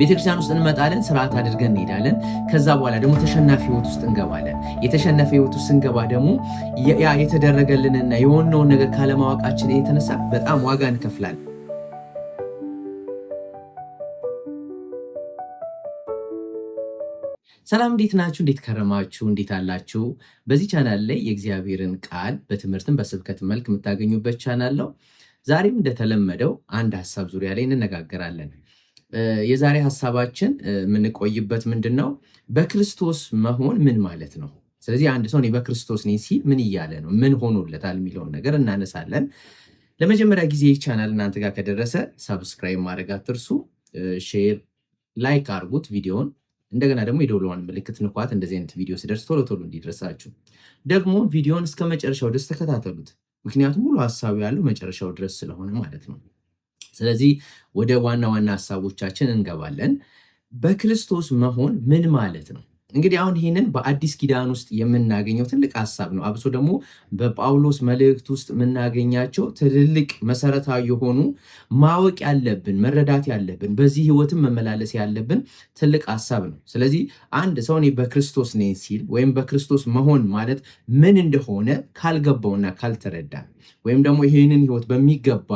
ቤተክርስቲያን ውስጥ እንመጣለን፣ ስርዓት አድርገን እንሄዳለን። ከዛ በኋላ ደግሞ ተሸናፊ ህይወት ውስጥ እንገባለን። የተሸነፈ ህይወት ውስጥ ስንገባ ደግሞ ያ የተደረገልንና የሆነውን ነገር ካለማወቃችን የተነሳ በጣም ዋጋ እንከፍላለን። ሰላም እንዴት ናችሁ? እንዴት ከረማችሁ? እንዴት አላችሁ? በዚህ ቻናል ላይ የእግዚአብሔርን ቃል በትምህርትም በስብከት መልክ የምታገኙበት ቻናል ነው። ዛሬም እንደተለመደው አንድ ሀሳብ ዙሪያ ላይ እንነጋገራለን። የዛሬ ሀሳባችን የምንቆይበት ምንድን ነው? በክርስቶስ መሆን ምን ማለት ነው? ስለዚህ አንድ ሰው እኔ በክርስቶስ ነኝ ሲል ምን እያለ ነው? ምን ሆኖለታል? የሚለውን ነገር እናነሳለን። ለመጀመሪያ ጊዜ ይህ ቻናል እናንተ ጋር ከደረሰ ሳብስክራይብ ማድረግ አትርሱ። ሼር፣ ላይክ አድርጉት ቪዲዮን። እንደገና ደግሞ የደወሏን ምልክት ንኳት። እንደዚህ አይነት ቪዲዮ ሲደርስ ቶሎ ቶሎ እንዲደርሳችሁ ደግሞ ቪዲዮን እስከ መጨረሻው ድረስ ተከታተሉት። ምክንያቱም ሙሉ ሀሳቡ ያለው መጨረሻው ድረስ ስለሆነ ማለት ነው። ስለዚህ ወደ ዋና ዋና ሀሳቦቻችን እንገባለን። በክርስቶስ መሆን ምን ማለት ነው? እንግዲህ አሁን ይህንን በአዲስ ኪዳን ውስጥ የምናገኘው ትልቅ ሀሳብ ነው። አብሶ ደግሞ በጳውሎስ መልእክት ውስጥ የምናገኛቸው ትልልቅ መሰረታዊ የሆኑ ማወቅ ያለብን መረዳት ያለብን በዚህ ህይወትን መመላለስ ያለብን ትልቅ ሀሳብ ነው። ስለዚህ አንድ ሰው እኔ በክርስቶስ ነኝ ሲል ወይም በክርስቶስ መሆን ማለት ምን እንደሆነ ካልገባውና ካልተረዳ ወይም ደግሞ ይህንን ህይወት በሚገባ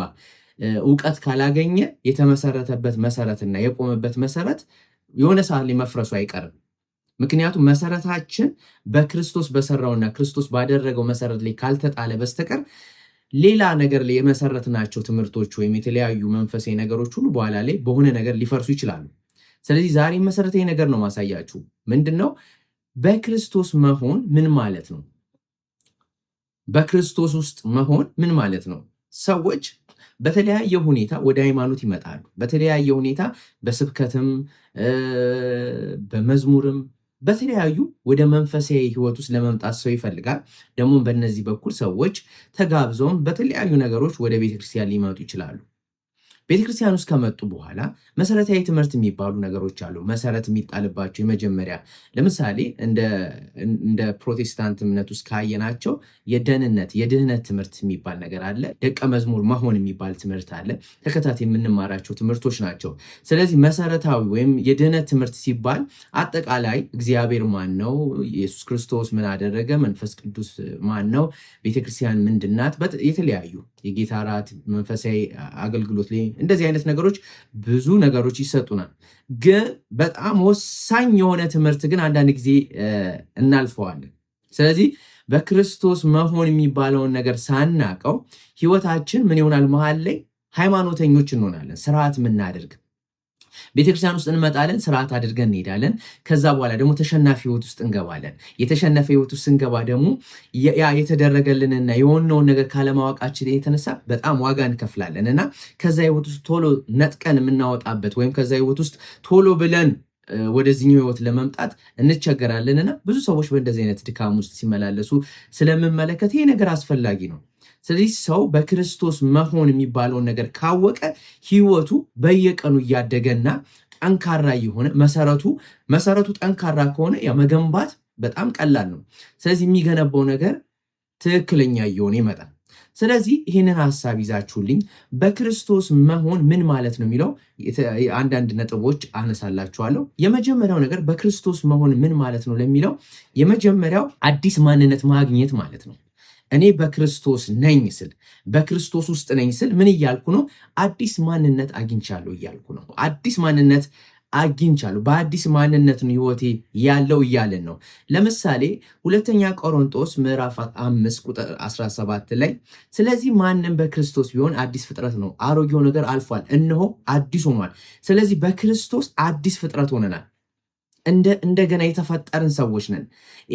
እውቀት ካላገኘ የተመሰረተበት መሰረትና የቆመበት መሰረት የሆነ ሰዓት ላይ መፍረሱ አይቀርም። ምክንያቱም መሰረታችን በክርስቶስ በሰራውና ክርስቶስ ባደረገው መሰረት ላይ ካልተጣለ በስተቀር ሌላ ነገር ላይ የመሰረትናቸው ትምህርቶች ወይም የተለያዩ መንፈሳዊ ነገሮች ሁሉ በኋላ ላይ በሆነ ነገር ሊፈርሱ ይችላሉ። ስለዚህ ዛሬ መሰረታዊ ነገር ነው ማሳያችሁ። ምንድን ነው በክርስቶስ መሆን ምን ማለት ነው? በክርስቶስ ውስጥ መሆን ምን ማለት ነው? ሰዎች በተለያየ ሁኔታ ወደ ሃይማኖት ይመጣሉ። በተለያየ ሁኔታ በስብከትም በመዝሙርም በተለያዩ ወደ መንፈሳዊ ህይወት ውስጥ ለመምጣት ሰው ይፈልጋል። ደግሞ በእነዚህ በኩል ሰዎች ተጋብዘውም በተለያዩ ነገሮች ወደ ቤተክርስቲያን ሊመጡ ይችላሉ። ቤተክርስቲያን ውስጥ ከመጡ በኋላ መሰረታዊ ትምህርት የሚባሉ ነገሮች አሉ። መሰረት የሚጣልባቸው የመጀመሪያ ለምሳሌ እንደ ፕሮቴስታንት እምነት ውስጥ ካየናቸው የደህንነት የድህነት ትምህርት የሚባል ነገር አለ። ደቀ መዝሙር መሆን የሚባል ትምህርት አለ። ተከታታይ የምንማራቸው ትምህርቶች ናቸው። ስለዚህ መሰረታዊ ወይም የድህነት ትምህርት ሲባል አጠቃላይ እግዚአብሔር ማን ነው፣ ኢየሱስ ክርስቶስ ምን አደረገ፣ መንፈስ ቅዱስ ማን ነው፣ ቤተክርስቲያን ምንድናት፣ የተለያዩ የጌታ እራት፣ መንፈሳዊ አገልግሎት ላይ እንደዚህ አይነት ነገሮች ብዙ ነገሮች ይሰጡናል። ግን በጣም ወሳኝ የሆነ ትምህርት ግን አንዳንድ ጊዜ እናልፈዋለን። ስለዚህ በክርስቶስ መሆን የሚባለውን ነገር ሳናቀው ህይወታችን ምን ይሆናል? መሀል ላይ ሃይማኖተኞች እንሆናለን፣ ስርዓት የምናደርግ ቤተክርስቲያን ውስጥ እንመጣለን፣ ስርዓት አድርገን እንሄዳለን። ከዛ በኋላ ደግሞ ተሸናፊ ህይወት ውስጥ እንገባለን። የተሸነፈ ህይወት ውስጥ ስንገባ ደግሞ ያ የተደረገልንና የሆነውን ነገር ካለማወቃችን የተነሳ በጣም ዋጋ እንከፍላለን እና ከዛ ህይወት ውስጥ ቶሎ ነጥቀን የምናወጣበት ወይም ከዛ ህይወት ውስጥ ቶሎ ብለን ወደዚህኛው ህይወት ለመምጣት እንቸገራለን እና ብዙ ሰዎች በእንደዚህ አይነት ድካም ውስጥ ሲመላለሱ ስለምመለከት ይሄ ነገር አስፈላጊ ነው። ስለዚህ ሰው በክርስቶስ መሆን የሚባለውን ነገር ካወቀ ህይወቱ በየቀኑ እያደገና ጠንካራ የሆነ መሰረቱ መሰረቱ ጠንካራ ከሆነ መገንባት በጣም ቀላል ነው። ስለዚህ የሚገነባው ነገር ትክክለኛ እየሆነ ይመጣል። ስለዚህ ይህንን ሀሳብ ይዛችሁልኝ በክርስቶስ መሆን ምን ማለት ነው የሚለው አንዳንድ ነጥቦች አነሳላችኋለሁ። የመጀመሪያው ነገር በክርስቶስ መሆን ምን ማለት ነው ለሚለው የመጀመሪያው አዲስ ማንነት ማግኘት ማለት ነው። እኔ በክርስቶስ ነኝ ስል በክርስቶስ ውስጥ ነኝ ስል ምን እያልኩ ነው? አዲስ ማንነት አግኝቻለሁ እያልኩ ነው። አዲስ ማንነት አግኝቻለሁ በአዲስ ማንነት ነው ህይወቴ ያለው እያለን ነው። ለምሳሌ ሁለተኛ ቆሮንቶስ ምዕራፍ አምስት ቁጥር 17 ላይ ስለዚህ ማንም በክርስቶስ ቢሆን አዲስ ፍጥረት ነው፣ አሮጌው ነገር አልፏል፣ እነሆ አዲስ ሆኗል። ስለዚህ በክርስቶስ አዲስ ፍጥረት ሆነናል። እንደገና የተፈጠርን ሰዎች ነን።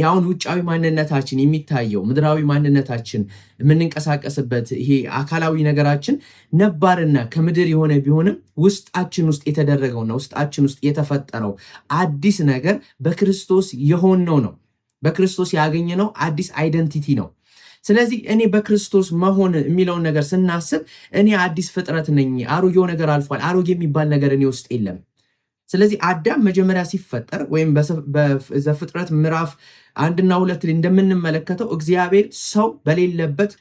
ያሁን ውጫዊ ማንነታችን የሚታየው ምድራዊ ማንነታችን የምንንቀሳቀስበት ይሄ አካላዊ ነገራችን ነባርና ከምድር የሆነ ቢሆንም ውስጣችን ውስጥ የተደረገውና ውስጣችን ውስጥ የተፈጠረው አዲስ ነገር በክርስቶስ የሆነው ነው። በክርስቶስ ያገኘነው አዲስ አይደንቲቲ ነው። ስለዚህ እኔ በክርስቶስ መሆን የሚለውን ነገር ስናስብ እኔ አዲስ ፍጥረት ነኝ። አሮጌው ነገር አልፏል። አሮጌ የሚባል ነገር እኔ ውስጥ የለም። ስለዚህ አዳም መጀመሪያ ሲፈጠር ወይም በዘፍጥረት ምዕራፍ አንድና ሁለት እንደምንመለከተው እግዚአብሔር ሰው በሌለበት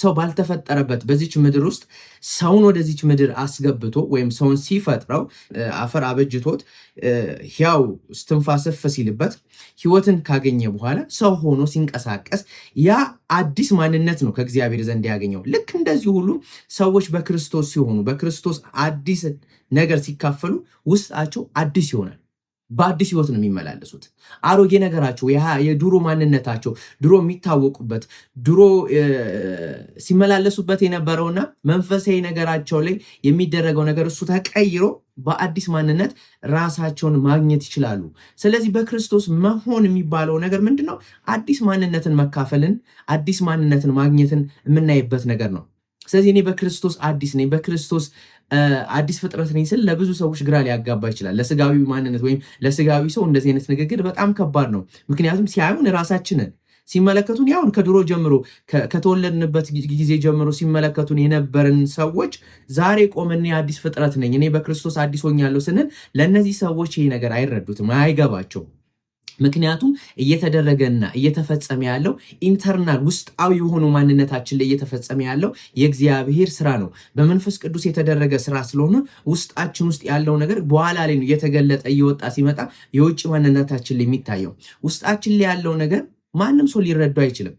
ሰው ባልተፈጠረበት በዚች ምድር ውስጥ ሰውን ወደዚች ምድር አስገብቶ ወይም ሰውን ሲፈጥረው አፈር አበጅቶት ሕያው እስትንፋስ ስፍ ሲልበት ሕይወትን ካገኘ በኋላ ሰው ሆኖ ሲንቀሳቀስ ያ አዲስ ማንነት ነው ከእግዚአብሔር ዘንድ ያገኘው። ልክ እንደዚህ ሁሉ ሰዎች በክርስቶስ ሲሆኑ በክርስቶስ አዲስ ነገር ሲካፈሉ ውስጣቸው አዲስ ይሆናል። በአዲስ ህይወት ነው የሚመላለሱት። አሮጌ ነገራቸው፣ የድሮ ማንነታቸው፣ ድሮ የሚታወቁበት ድሮ ሲመላለሱበት የነበረውና መንፈሳዊ ነገራቸው ላይ የሚደረገው ነገር እሱ ተቀይሮ በአዲስ ማንነት ራሳቸውን ማግኘት ይችላሉ። ስለዚህ በክርስቶስ መሆን የሚባለው ነገር ምንድን ነው? አዲስ ማንነትን መካፈልን፣ አዲስ ማንነትን ማግኘትን የምናይበት ነገር ነው። ስለዚህ እኔ በክርስቶስ አዲስ ነኝ፣ በክርስቶስ አዲስ ፍጥረት ነኝ ስል ለብዙ ሰዎች ግራ ሊያጋባ ይችላል። ለስጋዊ ማንነት ወይም ለስጋዊ ሰው እንደዚህ አይነት ንግግር በጣም ከባድ ነው። ምክንያቱም ሲያዩን ራሳችንን ሲመለከቱን ያሁን ከድሮ ጀምሮ ከተወለድንበት ጊዜ ጀምሮ ሲመለከቱን የነበርን ሰዎች ዛሬ ቆመን አዲስ ፍጥረት ነኝ እኔ በክርስቶስ አዲስ ሆኛለሁ ስንል ለእነዚህ ሰዎች ይሄ ነገር አይረዱትም፣ አይገባቸውም። ምክንያቱም እየተደረገና እየተፈጸመ ያለው ኢንተርናል ውስጣዊ የሆኑ ማንነታችን ላይ እየተፈጸመ ያለው የእግዚአብሔር ስራ ነው። በመንፈስ ቅዱስ የተደረገ ስራ ስለሆነ ውስጣችን ውስጥ ያለው ነገር በኋላ ላይ ነው እየተገለጠ እየወጣ ሲመጣ የውጭ ማንነታችን ላይ የሚታየው። ውስጣችን ላይ ያለው ነገር ማንም ሰው ሊረዱ አይችልም።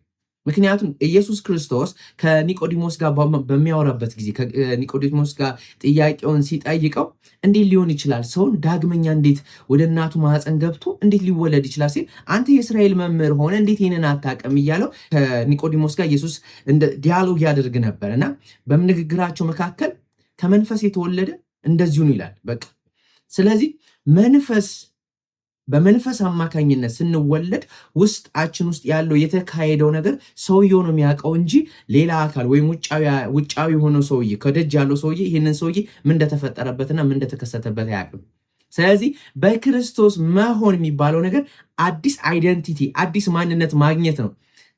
ምክንያቱም ኢየሱስ ክርስቶስ ከኒቆዲሞስ ጋር በሚያወራበት ጊዜ ከኒቆዲሞስ ጋር ጥያቄውን ሲጠይቀው እንዴት ሊሆን ይችላል ሰውን ዳግመኛ እንዴት ወደ እናቱ ማህፀን ገብቶ እንዴት ሊወለድ ይችላል ሲል አንተ የእስራኤል መምህር ሆነ እንዴት ይህንን አታውቅም እያለው ከኒቆዲሞስ ጋር ኢየሱስ ዲያሎግ ያደርግ ነበር እና በንግግራቸው መካከል ከመንፈስ የተወለደ እንደዚሁ ነው ይላል። በቃ ስለዚህ መንፈስ በመንፈስ አማካኝነት ስንወለድ ውስጣችን ውስጥ ያለው የተካሄደው ነገር ሰውየው ነው የሚያውቀው እንጂ ሌላ አካል ወይም ውጫዊ የሆነው ሰውዬ ከደጅ ያለው ሰውዬ ይህንን ሰውዬ ምን እንደተፈጠረበትና ምን እንደተከሰተበት አያውቅም። ስለዚህ በክርስቶስ መሆን የሚባለው ነገር አዲስ አይደንቲቲ አዲስ ማንነት ማግኘት ነው።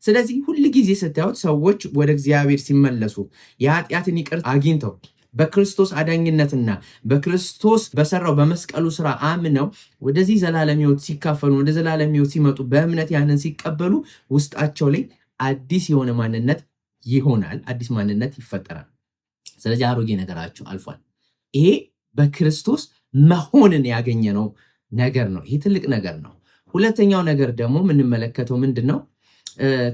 ስለዚህ ጊዜ ስታዩት ሰዎች ወደ እግዚአብሔር ሲመለሱ የኃጢአትን ይቅር አግኝተው በክርስቶስ አዳኝነትና በክርስቶስ በሰራው በመስቀሉ ስራ አምነው ወደዚህ ዘላለም ህይወት ሲካፈሉ ወደ ዘላለም ህይወት ሲመጡ በእምነት ያንን ሲቀበሉ ውስጣቸው ላይ አዲስ የሆነ ማንነት ይሆናል። አዲስ ማንነት ይፈጠራል። ስለዚህ አሮጌ ነገራቸው አልፏል። ይሄ በክርስቶስ መሆንን ያገኘነው ነገር ነው። ይሄ ትልቅ ነገር ነው። ሁለተኛው ነገር ደግሞ የምንመለከተው ምንድን ነው?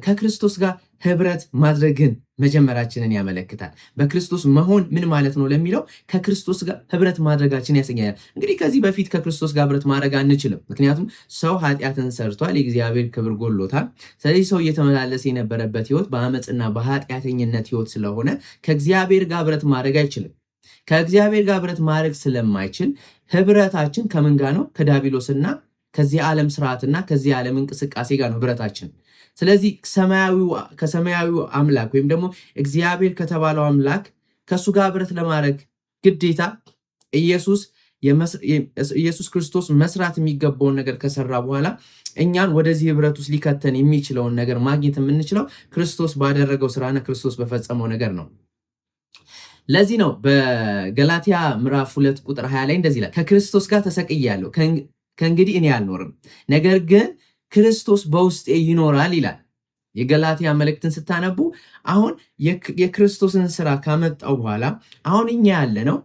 ከክርስቶስ ጋር ህብረት ማድረግን መጀመራችንን ያመለክታል። በክርስቶስ መሆን ምን ማለት ነው ለሚለው ከክርስቶስ ጋር ህብረት ማድረጋችን ያሰኛል። እንግዲህ ከዚህ በፊት ከክርስቶስ ጋር ህብረት ማድረግ አንችልም፣ ምክንያቱም ሰው ኃጢአትን ሰርቷል፣ የእግዚአብሔር ክብር ጎሎታል። ስለዚህ ሰው እየተመላለሰ የነበረበት ህይወት በአመፅና በኃጢአተኝነት ህይወት ስለሆነ ከእግዚአብሔር ጋር ህብረት ማድረግ አይችልም። ከእግዚአብሔር ጋር ህብረት ማድረግ ስለማይችል ህብረታችን ከምን ጋር ነው? ከዳቢሎስና ከዚህ ዓለም ስርዓትና ከዚህ ዓለም እንቅስቃሴ ጋር ነው ህብረታችን ስለዚህ ከሰማያዊ አምላክ ወይም ደግሞ እግዚአብሔር ከተባለው አምላክ ከእሱ ጋር ብረት ለማድረግ ግዴታ ኢየሱስ ክርስቶስ መስራት የሚገባውን ነገር ከሰራ በኋላ እኛን ወደዚህ ህብረት ውስጥ ሊከተን የሚችለውን ነገር ማግኘት የምንችለው ክርስቶስ ባደረገው ስራና ክርስቶስ በፈጸመው ነገር ነው። ለዚህ ነው በገላትያ ምዕራፍ ሁለት ቁጥር ሀያ ላይ እንደዚህ ይላል፣ ከክርስቶስ ጋር ተሰቅያለሁ፣ ከእንግዲህ እኔ አልኖርም፣ ነገር ግን ክርስቶስ በውስጤ ይኖራል ይላል። የገላትያ መልእክትን ስታነቡ አሁን የክርስቶስን ስራ ካመጣው በኋላ አሁን እኛ ያለ ነው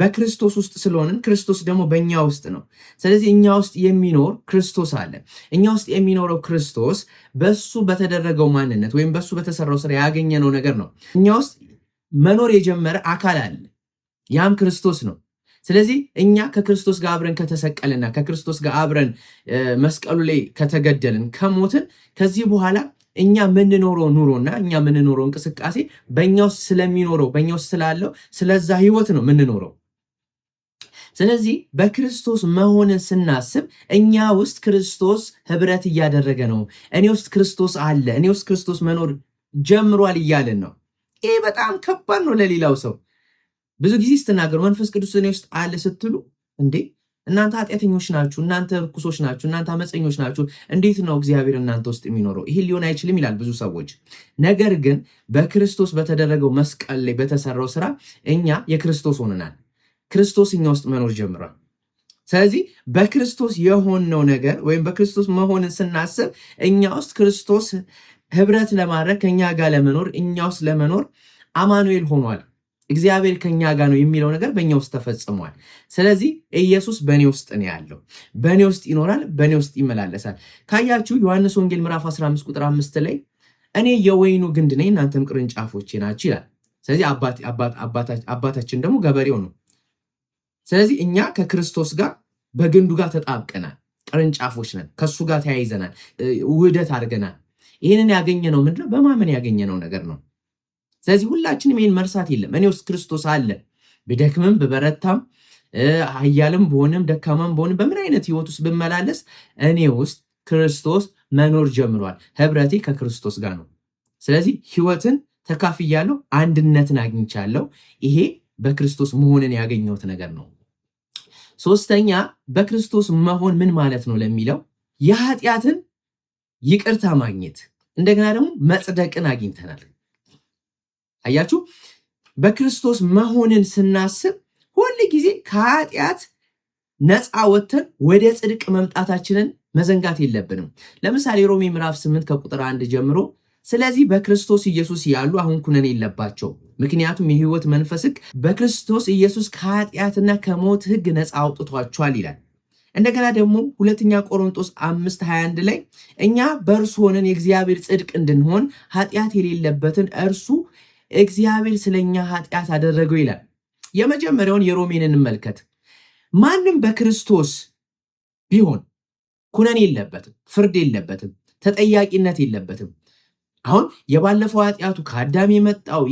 በክርስቶስ ውስጥ ስለሆንን ክርስቶስ ደግሞ በእኛ ውስጥ ነው። ስለዚህ እኛ ውስጥ የሚኖር ክርስቶስ አለ። እኛ ውስጥ የሚኖረው ክርስቶስ በሱ በተደረገው ማንነት ወይም በሱ በተሰራው ስራ ያገኘነው ነገር ነው። እኛ ውስጥ መኖር የጀመረ አካል አለ። ያም ክርስቶስ ነው። ስለዚህ እኛ ከክርስቶስ ጋር አብረን ከተሰቀልና ከክርስቶስ ጋር አብረን መስቀሉ ላይ ከተገደልን ከሞትን ከዚህ በኋላ እኛ የምንኖረው ኑሮና እኛ የምንኖረው እንቅስቃሴ በእኛ ውስጥ ስለሚኖረው በእኛ ውስጥ ስላለው ስለዛ ህይወት ነው የምንኖረው። ስለዚህ በክርስቶስ መሆንን ስናስብ እኛ ውስጥ ክርስቶስ ህብረት እያደረገ ነው። እኔ ውስጥ ክርስቶስ አለ፣ እኔ ውስጥ ክርስቶስ መኖር ጀምሯል እያልን ነው። ይህ በጣም ከባድ ነው ለሌላው ሰው ብዙ ጊዜ ስትናገሩ መንፈስ ቅዱስ እኔ ውስጥ አለ ስትሉ እንዴ እናንተ ኃጢአተኞች ናችሁ፣ እናንተ ርኩሶች ናችሁ፣ እናንተ አመፀኞች ናችሁ፣ እንዴት ነው እግዚአብሔር እናንተ ውስጥ የሚኖረው? ይሄ ሊሆን አይችልም ይላል ብዙ ሰዎች። ነገር ግን በክርስቶስ በተደረገው መስቀል ላይ በተሰራው ስራ እኛ የክርስቶስ ሆነናል። ክርስቶስ እኛ ውስጥ መኖር ጀምሯል። ስለዚህ በክርስቶስ የሆነው ነገር ወይም በክርስቶስ መሆንን ስናስብ እኛ ውስጥ ክርስቶስ ህብረት ለማድረግ ከእኛ ጋር ለመኖር እኛ ውስጥ ለመኖር አማኑኤል ሆኗል። እግዚአብሔር ከኛ ጋር ነው የሚለው ነገር በእኛ ውስጥ ተፈጽሟል። ስለዚህ ኢየሱስ በእኔ ውስጥ ነው ያለው፣ በእኔ ውስጥ ይኖራል፣ በእኔ ውስጥ ይመላለሳል። ካያችሁ ዮሐንስ ወንጌል ምዕራፍ 15 ቁጥር 5 ላይ እኔ የወይኑ ግንድ ነኝ፣ እናንተም ቅርንጫፎቼ ናችሁ ይላል። ስለዚህ አባታችን ደግሞ ገበሬው ነው። ስለዚህ እኛ ከክርስቶስ ጋር በግንዱ ጋር ተጣብቀናል፣ ቅርንጫፎች ነን፣ ከእሱ ጋር ተያይዘናል፣ ውህደት አድርገናል። ይህንን ያገኘነው ምንድነው? በማመን ያገኘነው ነገር ነው። ስለዚህ ሁላችንም ይህን መርሳት የለም። እኔ ውስጥ ክርስቶስ አለ። ብደክምም ብበረታም አያልም በሆንም ደካማም በሆንም በምን አይነት ህይወት ውስጥ ብመላለስ እኔ ውስጥ ክርስቶስ መኖር ጀምሯል። ህብረቴ ከክርስቶስ ጋር ነው። ስለዚህ ህይወትን ተካፍያለሁ፣ አንድነትን አግኝቻለሁ። ይሄ በክርስቶስ መሆንን ያገኘሁት ነገር ነው። ሶስተኛ በክርስቶስ መሆን ምን ማለት ነው ለሚለው የኃጢአትን ይቅርታ ማግኘት እንደገና ደግሞ መጽደቅን አግኝተናል። አያችሁ፣ በክርስቶስ መሆንን ስናስብ ሁል ጊዜ ከኃጢአት ነፃ ወጥተን ወደ ጽድቅ መምጣታችንን መዘንጋት የለብንም። ለምሳሌ ሮሜ ምዕራፍ 8 ከቁጥር አንድ ጀምሮ ስለዚህ በክርስቶስ ኢየሱስ ያሉ አሁን ኩነኔ የለባቸው፣ ምክንያቱም የህይወት መንፈስ በክርስቶስ ኢየሱስ ከኃጢአትና ከሞት ህግ ነፃ አውጥቷቸዋል ይላል። እንደገና ደግሞ ሁለተኛ ቆሮንጦስ አምስት 21 ላይ እኛ በእርሱ ሆነን የእግዚአብሔር ጽድቅ እንድንሆን ኃጢአት የሌለበትን እርሱ እግዚአብሔር ስለኛ ኃጢአት አደረገው ይላል። የመጀመሪያውን የሮሜን እንመልከት። ማንም በክርስቶስ ቢሆን ኩነን የለበትም፣ ፍርድ የለበትም፣ ተጠያቂነት የለበትም። አሁን የባለፈው ኃጢአቱ ከአዳም የመጣው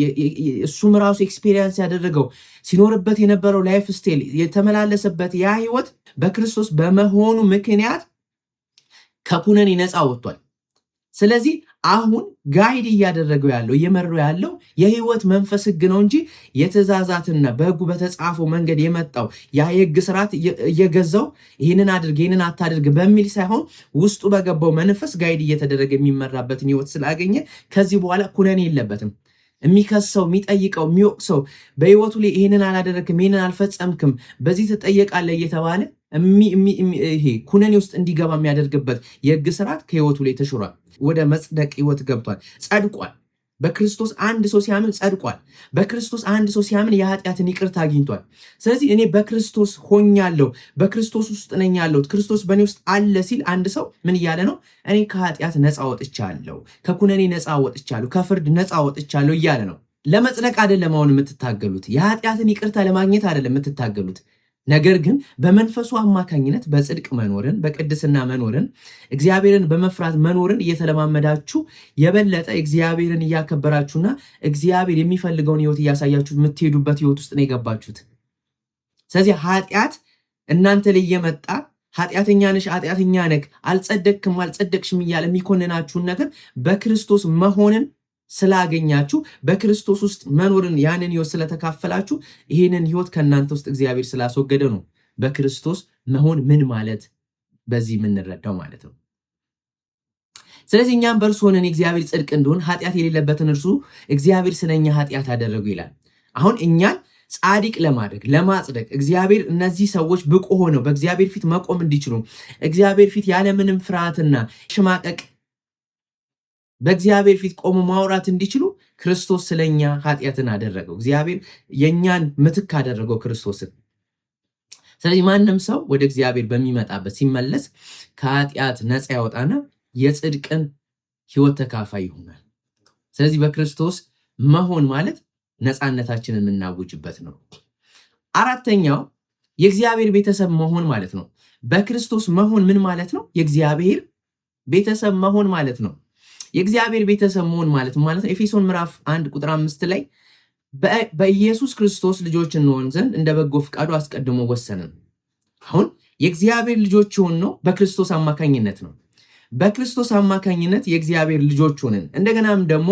እሱም ራሱ ኤክስፔሪንስ ያደረገው ሲኖርበት የነበረው ላይፍ ስቴል የተመላለሰበት ያ ህይወት በክርስቶስ በመሆኑ ምክንያት ከኩነን ነፃ ወጥቷል። ስለዚህ አሁን ጋይድ እያደረገው ያለው እየመረው ያለው የህይወት መንፈስ ህግ ነው እንጂ የትእዛዛትና በህጉ በተጻፈው መንገድ የመጣው ያ የህግ ስርዓት እየገዛው ይህንን አድርግ ይህንን አታድርግ በሚል ሳይሆን ውስጡ በገባው መንፈስ ጋይድ እየተደረገ የሚመራበትን ህይወት ስላገኘ ከዚህ በኋላ ኩነኔ የለበትም። የሚከሰው የሚጠይቀው የሚወቅሰው በህይወቱ ላይ ይህንን አላደረግክም፣ ይህንን አልፈጸምክም፣ በዚህ ትጠየቃለህ እየተባለ ይሄ ኩነኔ ውስጥ እንዲገባ የሚያደርግበት የህግ ስርዓት ከህይወቱ ላይ ተሽሯል። ወደ መጽደቅ ህይወት ገብቷል፣ ጸድቋል። በክርስቶስ አንድ ሰው ሲያምን ጸድቋል። በክርስቶስ አንድ ሰው ሲያምን የኃጢአትን ይቅርታ አግኝቷል። ስለዚህ እኔ በክርስቶስ ሆኛለሁ፣ በክርስቶስ ውስጥ ነኝ ያለሁት፣ ክርስቶስ በእኔ ውስጥ አለ ሲል አንድ ሰው ምን እያለ ነው? እኔ ከኃጢአት ነፃ ወጥቻለሁ፣ ከኩነኔ ነፃ ወጥቻለሁ፣ ከፍርድ ነፃ ወጥቻለሁ እያለ ነው። ለመጽደቅ አይደለም አሁን የምትታገሉት፣ የኃጢአትን ይቅርታ ለማግኘት አይደለም የምትታገሉት ነገር ግን በመንፈሱ አማካኝነት በጽድቅ መኖርን በቅድስና መኖርን እግዚአብሔርን በመፍራት መኖርን እየተለማመዳችሁ የበለጠ እግዚአብሔርን እያከበራችሁና እግዚአብሔር የሚፈልገውን ህይወት እያሳያችሁ የምትሄዱበት ህይወት ውስጥ ነው የገባችሁት። ስለዚህ ኃጢአት እናንተ ላይ እየመጣ ኃጢአተኛ ነሽ፣ ኃጢአተኛ ነክ፣ አልጸደቅክም፣ አልጸደቅሽም እያለ የሚኮንናችሁን ነገር በክርስቶስ መሆንን ስላገኛችሁ በክርስቶስ ውስጥ መኖርን ያንን ህይወት ስለተካፈላችሁ ይህንን ህይወት ከእናንተ ውስጥ እግዚአብሔር ስላስወገደ ነው በክርስቶስ መሆን ምን ማለት በዚህ የምንረዳው ማለት ነው። ስለዚህ እኛም በእርሱ ሆነን የእግዚአብሔር ጽድቅ እንዲሆን ኃጢአት የሌለበትን እርሱ እግዚአብሔር ስለኛ ኃጢአት አደረጉ ይላል። አሁን እኛን ጻድቅ ለማድረግ ለማጽደቅ እግዚአብሔር እነዚህ ሰዎች ብቁ ሆነው በእግዚአብሔር ፊት መቆም እንዲችሉ እግዚአብሔር ፊት ያለምንም ፍርሃትና ሽማቀቅ በእግዚአብሔር ፊት ቆሞ ማውራት እንዲችሉ ክርስቶስ ስለኛ ኃጢአትን አደረገው። እግዚአብሔር የእኛን ምትክ አደረገው ክርስቶስን። ስለዚህ ማንም ሰው ወደ እግዚአብሔር በሚመጣበት ሲመለስ ከኃጢአት ነፃ ያወጣና የጽድቅን ህይወት ተካፋይ ይሆናል። ስለዚህ በክርስቶስ መሆን ማለት ነፃነታችንን የምናውጅበት ነው። አራተኛው የእግዚአብሔር ቤተሰብ መሆን ማለት ነው። በክርስቶስ መሆን ምን ማለት ነው? የእግዚአብሔር ቤተሰብ መሆን ማለት ነው። የእግዚአብሔር ቤተሰብ መሆን ማለት ማለት ኤፌሶን ምዕራፍ አንድ ቁጥር አምስት ላይ በኢየሱስ ክርስቶስ ልጆች እንሆን ዘንድ እንደ በጎ ፍቃዱ አስቀድሞ ወሰንን አሁን የእግዚአብሔር ልጆች ሆን ነው በክርስቶስ አማካኝነት ነው። በክርስቶስ አማካኝነት የእግዚአብሔር ልጆች ሆንን። እንደገናም ደግሞ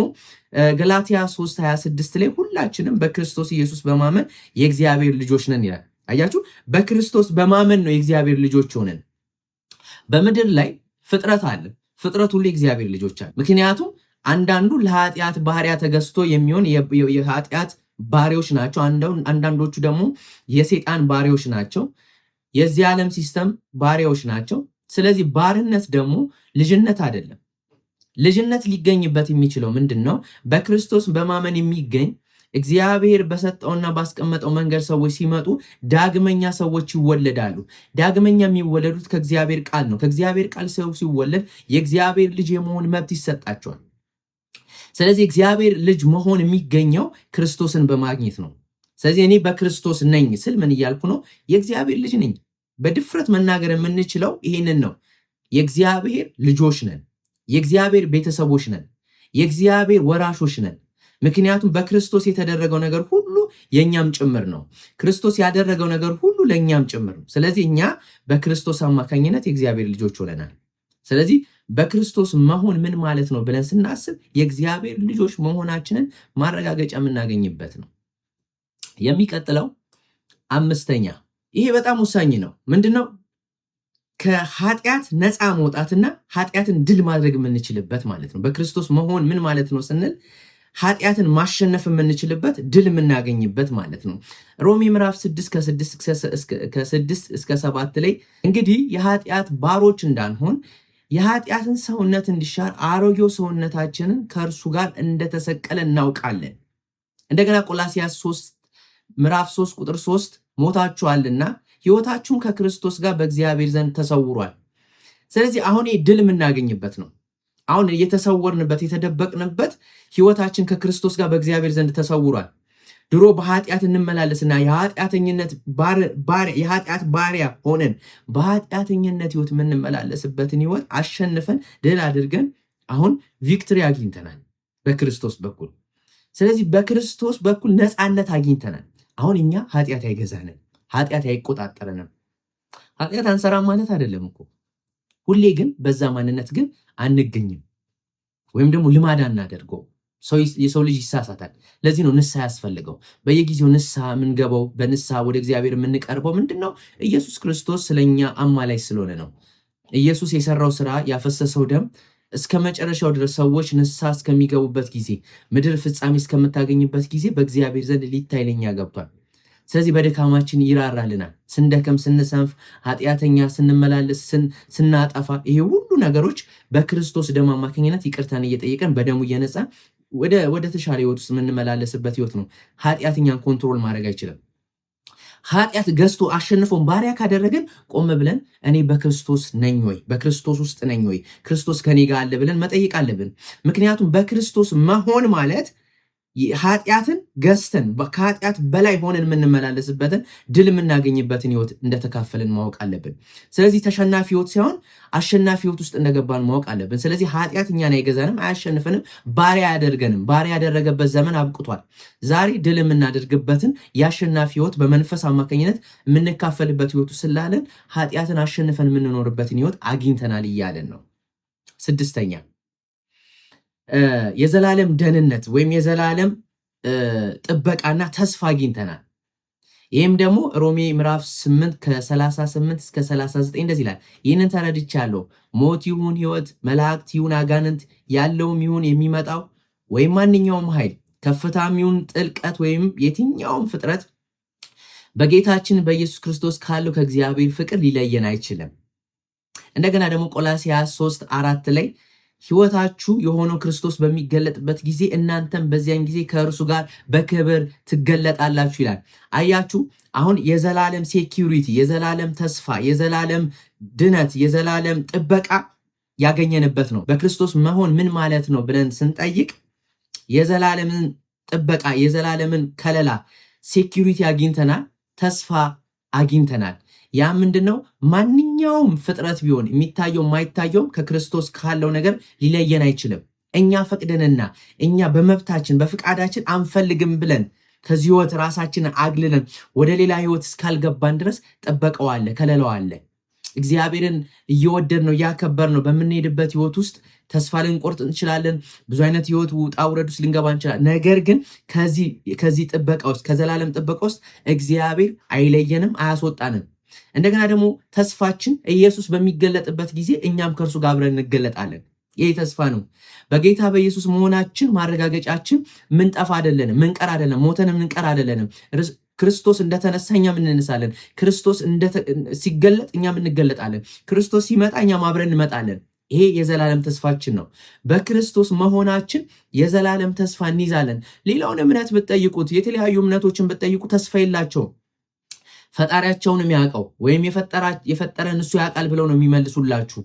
ገላትያ 3 26 ላይ ሁላችንም በክርስቶስ ኢየሱስ በማመን የእግዚአብሔር ልጆች ነን ይላል። አያችሁ፣ በክርስቶስ በማመን ነው የእግዚአብሔር ልጆች ሆንን። በምድር ላይ ፍጥረት አለ ፍጥረት ሁሉ እግዚአብሔር ልጆች አሉ። ምክንያቱም አንዳንዱ ለኃጢአት ባህሪያ ተገዝቶ የሚሆን የኃጢአት ባህሪዎች ናቸው። አንዳንዶቹ ደግሞ የሴጣን ባህሪዎች ናቸው፣ የዚህ ዓለም ሲስተም ባህሪዎች ናቸው። ስለዚህ ባርነት ደግሞ ልጅነት አይደለም። ልጅነት ሊገኝበት የሚችለው ምንድን ነው? በክርስቶስ በማመን የሚገኝ እግዚአብሔር በሰጠውና ባስቀመጠው መንገድ ሰዎች ሲመጡ ዳግመኛ ሰዎች ይወለዳሉ። ዳግመኛ የሚወለዱት ከእግዚአብሔር ቃል ነው። ከእግዚአብሔር ቃል ሰው ሲወለድ የእግዚአብሔር ልጅ የመሆን መብት ይሰጣቸዋል። ስለዚህ እግዚአብሔር ልጅ መሆን የሚገኘው ክርስቶስን በማግኘት ነው። ስለዚህ እኔ በክርስቶስ ነኝ ስል ምን እያልኩ ነው? የእግዚአብሔር ልጅ ነኝ። በድፍረት መናገር የምንችለው ይህንን ነው። የእግዚአብሔር ልጆች ነን። የእግዚአብሔር ቤተሰቦች ነን። የእግዚአብሔር ወራሾች ነን። ምክንያቱም በክርስቶስ የተደረገው ነገር ሁሉ የእኛም ጭምር ነው። ክርስቶስ ያደረገው ነገር ሁሉ ለእኛም ጭምር ነው። ስለዚህ እኛ በክርስቶስ አማካኝነት የእግዚአብሔር ልጆች ሆነናል። ስለዚህ በክርስቶስ መሆን ምን ማለት ነው ብለን ስናስብ የእግዚአብሔር ልጆች መሆናችንን ማረጋገጫ የምናገኝበት ነው። የሚቀጥለው አምስተኛ፣ ይሄ በጣም ወሳኝ ነው። ምንድን ነው? ከኃጢአት ነፃ መውጣትና ኃጢአትን ድል ማድረግ የምንችልበት ማለት ነው። በክርስቶስ መሆን ምን ማለት ነው ስንል ኃጢአትን ማሸነፍ የምንችልበት ድል የምናገኝበት ማለት ነው። ሮሚ ምዕራፍ 6 ከ እስከ 7 ላይ እንግዲህ የኃጢአት ባሮች እንዳንሆን የኃጢአትን ሰውነት እንዲሻር አሮጌው ሰውነታችንን ከእርሱ ጋር እንደተሰቀለ እናውቃለን። እንደገና ቆላሲያስ 3 ምዕራፍ 3 ቁጥር 3 ሞታችኋልና ሕይወታችሁም ከክርስቶስ ጋር በእግዚአብሔር ዘንድ ተሰውሯል። ስለዚህ አሁን ድል የምናገኝበት ነው። አሁን የተሰወርንበት የተደበቅንበት ህይወታችን ከክርስቶስ ጋር በእግዚአብሔር ዘንድ ተሰውሯል። ድሮ በኃጢአት እንመላለስና የኃጢአተኝነት የኃጢአት ባሪያ ሆነን በኃጢአተኝነት ህይወት የምንመላለስበትን ህይወት አሸንፈን ድል አድርገን አሁን ቪክትሪ አግኝተናል በክርስቶስ በኩል። ስለዚህ በክርስቶስ በኩል ነፃነት አግኝተናል። አሁን እኛ ኃጢአት አይገዛንም፣ ኃጢአት አይቆጣጠረንም። ኃጢአት አንሰራም ማለት አይደለም እኮ ሁሌ ግን በዛ ማንነት ግን አንገኝም፣ ወይም ደግሞ ልማድ አናደርገው። የሰው ልጅ ይሳሳታል። ለዚህ ነው ንስሐ ያስፈልገው። በየጊዜው ንስሐ የምንገባው በንስሐ ወደ እግዚአብሔር የምንቀርበው ምንድን ነው? ኢየሱስ ክርስቶስ ስለኛ አማላይ ስለሆነ ነው። ኢየሱስ የሰራው ስራ ያፈሰሰው ደም እስከ መጨረሻው ድረስ ሰዎች ንስሐ እስከሚገቡበት ጊዜ ምድር ፍጻሜ እስከምታገኝበት ጊዜ በእግዚአብሔር ዘንድ ሊታይ ለኛ ገብቷል። ስለዚህ በድካማችን ይራራልናል። ስንደክም፣ ስንሰንፍ፣ ኃጢአተኛ ስንመላለስ፣ ስናጠፋ ይሄ ሁሉ ነገሮች በክርስቶስ ደም አማካኝነት ይቅርታን እየጠየቀን በደሙ እየነጻ ወደ ተሻለ ህይወት ውስጥ የምንመላለስበት ህይወት ነው። ኃጢአተኛን ኮንትሮል ማድረግ አይችልም። ኃጢአት ገዝቶ አሸንፎን ባሪያ ካደረግን ቆም ብለን እኔ በክርስቶስ ነኝ ወይ፣ በክርስቶስ ውስጥ ነኝ ወይ፣ ክርስቶስ ከኔ ጋር አለ ብለን መጠየቅ አለብን። ምክንያቱም በክርስቶስ መሆን ማለት ኃጢአትን ገዝተን ከኃጢአት በላይ ሆነን የምንመላለስበትን ድል የምናገኝበትን ህይወት እንደተካፈልን ማወቅ አለብን። ስለዚህ ተሸናፊ ህይወት ሳይሆን አሸናፊ ህይወት ውስጥ እንደገባን ማወቅ አለብን። ስለዚህ ኃጢአት እኛን አይገዛንም፣ አያሸንፈንም፣ ባሪያ አያደርገንም። ባሪያ ያደረገበት ዘመን አብቅቷል። ዛሬ ድል የምናደርግበትን የአሸናፊ ህይወት በመንፈስ አማካኝነት የምንካፈልበት ህይወቱ ስላለን ኃጢአትን አሸንፈን የምንኖርበትን ህይወት አግኝተናል እያለን ነው። ስድስተኛ የዘላለም ደህንነት ወይም የዘላለም ጥበቃና ተስፋ አግኝተናል። ይህም ደግሞ ሮሜ ምዕራፍ 8 ከ38 እስከ 39 እንደዚህ ይላል፣ ይህንን ተረድቻለሁ፣ ሞት ይሁን ህይወት፣ መላእክት ይሁን አጋንንት፣ ያለውም ይሁን የሚመጣው፣ ወይም ማንኛውም ኃይል፣ ከፍታም ይሁን ጥልቀት፣ ወይም የትኛውም ፍጥረት በጌታችን በኢየሱስ ክርስቶስ ካለው ከእግዚአብሔር ፍቅር ሊለየን አይችልም። እንደገና ደግሞ ቆላሲያስ 3 አራት ላይ ሕይወታችሁ የሆነው ክርስቶስ በሚገለጥበት ጊዜ እናንተም በዚያን ጊዜ ከእርሱ ጋር በክብር ትገለጣላችሁ ይላል። አያችሁ፣ አሁን የዘላለም ሴኪሪቲ፣ የዘላለም ተስፋ፣ የዘላለም ድነት፣ የዘላለም ጥበቃ ያገኘንበት ነው። በክርስቶስ መሆን ምን ማለት ነው ብለን ስንጠይቅ የዘላለምን ጥበቃ፣ የዘላለምን ከለላ ሴኪሪቲ አግኝተናል፣ ተስፋ አግኝተናል። ያ ምንድን ነው? ማንኛውም ፍጥረት ቢሆን የሚታየው ማይታየውም ከክርስቶስ ካለው ነገር ሊለየን አይችልም። እኛ ፈቅደንና እኛ በመብታችን በፍቃዳችን አንፈልግም ብለን ከዚህ ህይወት ራሳችን አግልለን ወደ ሌላ ህይወት እስካልገባን ድረስ ጥበቀው አለ፣ ከለላው አለ። እግዚአብሔርን እየወደድ ነው እያከበር ነው በምንሄድበት ህይወት ውስጥ ተስፋ ልንቆርጥ እንችላለን። ብዙ አይነት ህይወት ውጣ ውረድ ውስጥ ልንገባ እንችላለን። ነገር ግን ከዚህ ጥበቃ ውስጥ ከዘላለም ጥበቃ ውስጥ እግዚአብሔር አይለየንም፣ አያስወጣንም። እንደገና ደግሞ ተስፋችን ኢየሱስ በሚገለጥበት ጊዜ እኛም ከእርሱ ጋር አብረን እንገለጣለን። ይህ ተስፋ ነው። በጌታ በኢየሱስ መሆናችን ማረጋገጫችን ምንጠፋ አይደለንም፣ ምንቀር አይደለም፣ ሞተን ምንቀር አይደለንም። ክርስቶስ እንደተነሳ እኛም እንነሳለን። ክርስቶስ ሲገለጥ እኛም እንገለጣለን። ክርስቶስ ሲመጣ እኛም አብረን እንመጣለን። ይሄ የዘላለም ተስፋችን ነው። በክርስቶስ መሆናችን የዘላለም ተስፋ እንይዛለን። ሌላውን እምነት ብትጠይቁት፣ የተለያዩ እምነቶችን ብትጠይቁ ተስፋ የላቸውም። ፈጣሪያቸውን የሚያውቀው ወይም የፈጠረን እሱ ያውቃል ብለው ነው የሚመልሱላችሁ።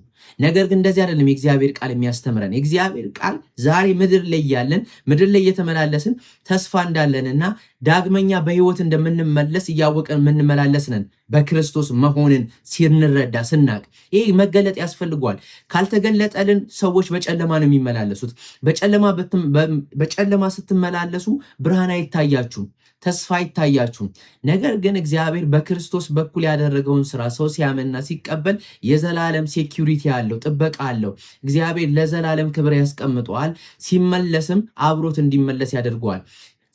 ነገር ግን እንደዚህ አይደለም የእግዚአብሔር ቃል የሚያስተምረን። የእግዚአብሔር ቃል ዛሬ ምድር ላይ ያለን ምድር ላይ እየተመላለስን ተስፋ እና ዳግመኛ በህይወት እንደምንመለስ እያወቀን የምንመላለስ ነን። በክርስቶስ መሆንን ሲንረዳ ስናቅ ይህ መገለጥ ያስፈልገዋል። ካልተገለጠልን ሰዎች በጨለማ ነው የሚመላለሱት። በጨለማ ስትመላለሱ ብርሃን አይታያችሁም። ተስፋ አይታያችሁም። ነገር ግን እግዚአብሔር በክርስቶስ በኩል ያደረገውን ስራ ሰው ሲያምንና ሲቀበል የዘላለም ሴኪሪቲ አለው፣ ጥበቃ አለው። እግዚአብሔር ለዘላለም ክብር ያስቀምጠዋል። ሲመለስም አብሮት እንዲመለስ ያደርገዋል።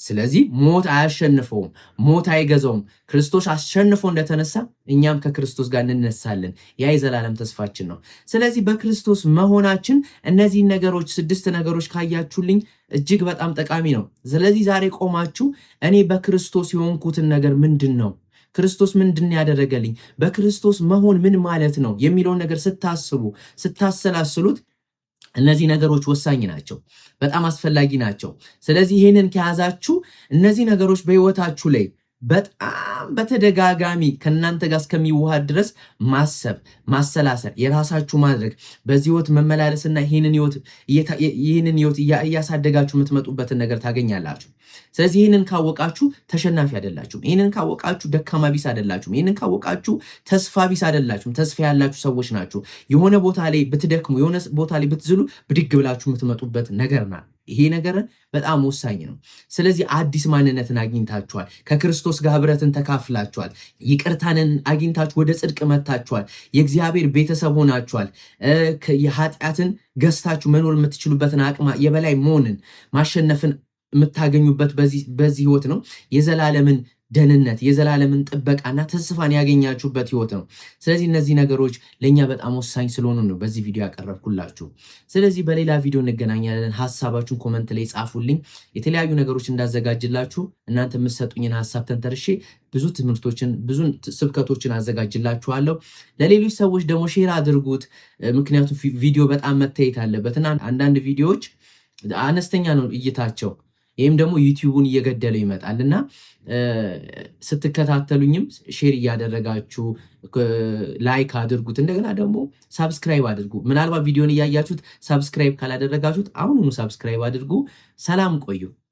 ስለዚህ ሞት አያሸንፈውም፣ ሞት አይገዛውም። ክርስቶስ አሸንፎ እንደተነሳ እኛም ከክርስቶስ ጋር እንነሳለን። ያ የዘላለም ተስፋችን ነው። ስለዚህ በክርስቶስ መሆናችን እነዚህን ነገሮች ስድስት ነገሮች ካያችሁልኝ እጅግ በጣም ጠቃሚ ነው። ስለዚህ ዛሬ ቆማችሁ እኔ በክርስቶስ የሆንኩትን ነገር ምንድን ነው ክርስቶስ ምንድን ያደረገልኝ በክርስቶስ መሆን ምን ማለት ነው የሚለውን ነገር ስታስቡ ስታሰላስሉት እነዚህ ነገሮች ወሳኝ ናቸው፣ በጣም አስፈላጊ ናቸው። ስለዚህ ይህንን ከያዛችሁ እነዚህ ነገሮች በህይወታችሁ ላይ በጣም በተደጋጋሚ ከእናንተ ጋር እስከሚዋሃድ ድረስ ማሰብ፣ ማሰላሰል፣ የራሳችሁ ማድረግ በዚህ ህይወት መመላለስና ይህንን ህይወት እያሳደጋችሁ የምትመጡበትን ነገር ታገኛላችሁ። ስለዚህ ይህንን ካወቃችሁ ተሸናፊ አይደላችሁም። ይህንን ካወቃችሁ ደካማ ቢስ አይደላችሁም። ይህንን ካወቃችሁ ተስፋ ቢስ አይደላችሁም። ተስፋ ያላችሁ ሰዎች ናችሁ። የሆነ ቦታ ላይ ብትደክሙ፣ የሆነ ቦታ ላይ ብትዝሉ ብድግ ብላችሁ የምትመጡበት ነገር ናል ይሄ ነገር በጣም ወሳኝ ነው። ስለዚህ አዲስ ማንነትን አግኝታችኋል። ከክርስቶስ ጋር ህብረትን ተካፍላችኋል። ይቅርታንን አግኝታችሁ ወደ ጽድቅ መታችኋል። የእግዚአብሔር ቤተሰብ ሆናችኋል። የኃጢአትን ገዝታችሁ መኖር የምትችሉበትን አቅማ የበላይ መሆንን ማሸነፍን የምታገኙበት በዚህ ህይወት ነው። የዘላለምን ደህንነት የዘላለምን ጥበቃና ተስፋን ያገኛችሁበት ህይወት ነው። ስለዚህ እነዚህ ነገሮች ለእኛ በጣም ወሳኝ ስለሆኑ ነው በዚህ ቪዲዮ ያቀረብኩላችሁ። ስለዚህ በሌላ ቪዲዮ እንገናኛለን። ሀሳባችሁን ኮመንት ላይ ጻፉልኝ። የተለያዩ ነገሮች እንዳዘጋጅላችሁ እናንተ የምትሰጡኝን ሀሳብ ተንተርሼ ብዙ ትምህርቶችን ብዙ ስብከቶችን አዘጋጅላችኋለሁ። ለሌሎች ሰዎች ደግሞ ሼር አድርጉት። ምክንያቱም ቪዲዮ በጣም መታየት አለበት እና አንዳንድ ቪዲዮዎች አነስተኛ ነው እይታቸው ይህም ደግሞ ዩቲዩቡን እየገደለው ይመጣል እና ስትከታተሉኝም ሼር እያደረጋችሁ ላይክ አድርጉት። እንደገና ደግሞ ሳብስክራይብ አድርጉ። ምናልባት ቪዲዮን እያያችሁት ሳብስክራይብ ካላደረጋችሁት አሁኑኑ ሳብስክራይብ አድርጉ። ሰላም ቆዩ።